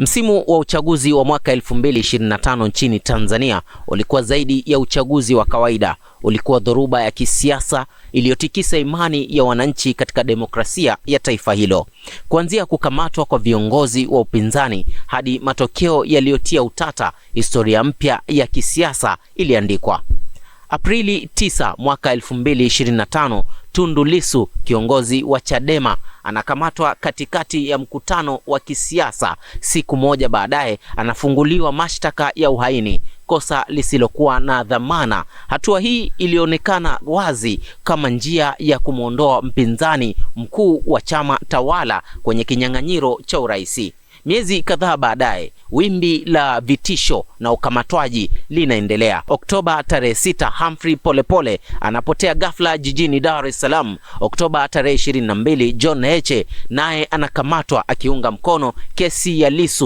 Msimu wa uchaguzi wa mwaka 2025 nchini Tanzania ulikuwa zaidi ya uchaguzi wa kawaida. Ulikuwa dhoruba ya kisiasa iliyotikisa imani ya wananchi katika demokrasia ya taifa hilo. Kuanzia kukamatwa kwa viongozi wa upinzani hadi matokeo yaliyotia utata, historia mpya ya kisiasa iliandikwa. Aprili 9 mwaka 2025, Tundu Lissu, kiongozi wa Chadema, anakamatwa katikati ya mkutano wa kisiasa. Siku moja baadaye anafunguliwa mashtaka ya uhaini, kosa lisilokuwa na dhamana. Hatua hii ilionekana wazi kama njia ya kumwondoa mpinzani mkuu wa chama tawala kwenye kinyang'anyiro cha uraisi. Miezi kadhaa baadaye, wimbi la vitisho na ukamatwaji linaendelea. Oktoba tarehe sita, Humphrey Polepole anapotea ghafla jijini Dar es Salaam. Oktoba tarehe 22, John Heche naye anakamatwa akiunga mkono kesi ya lisu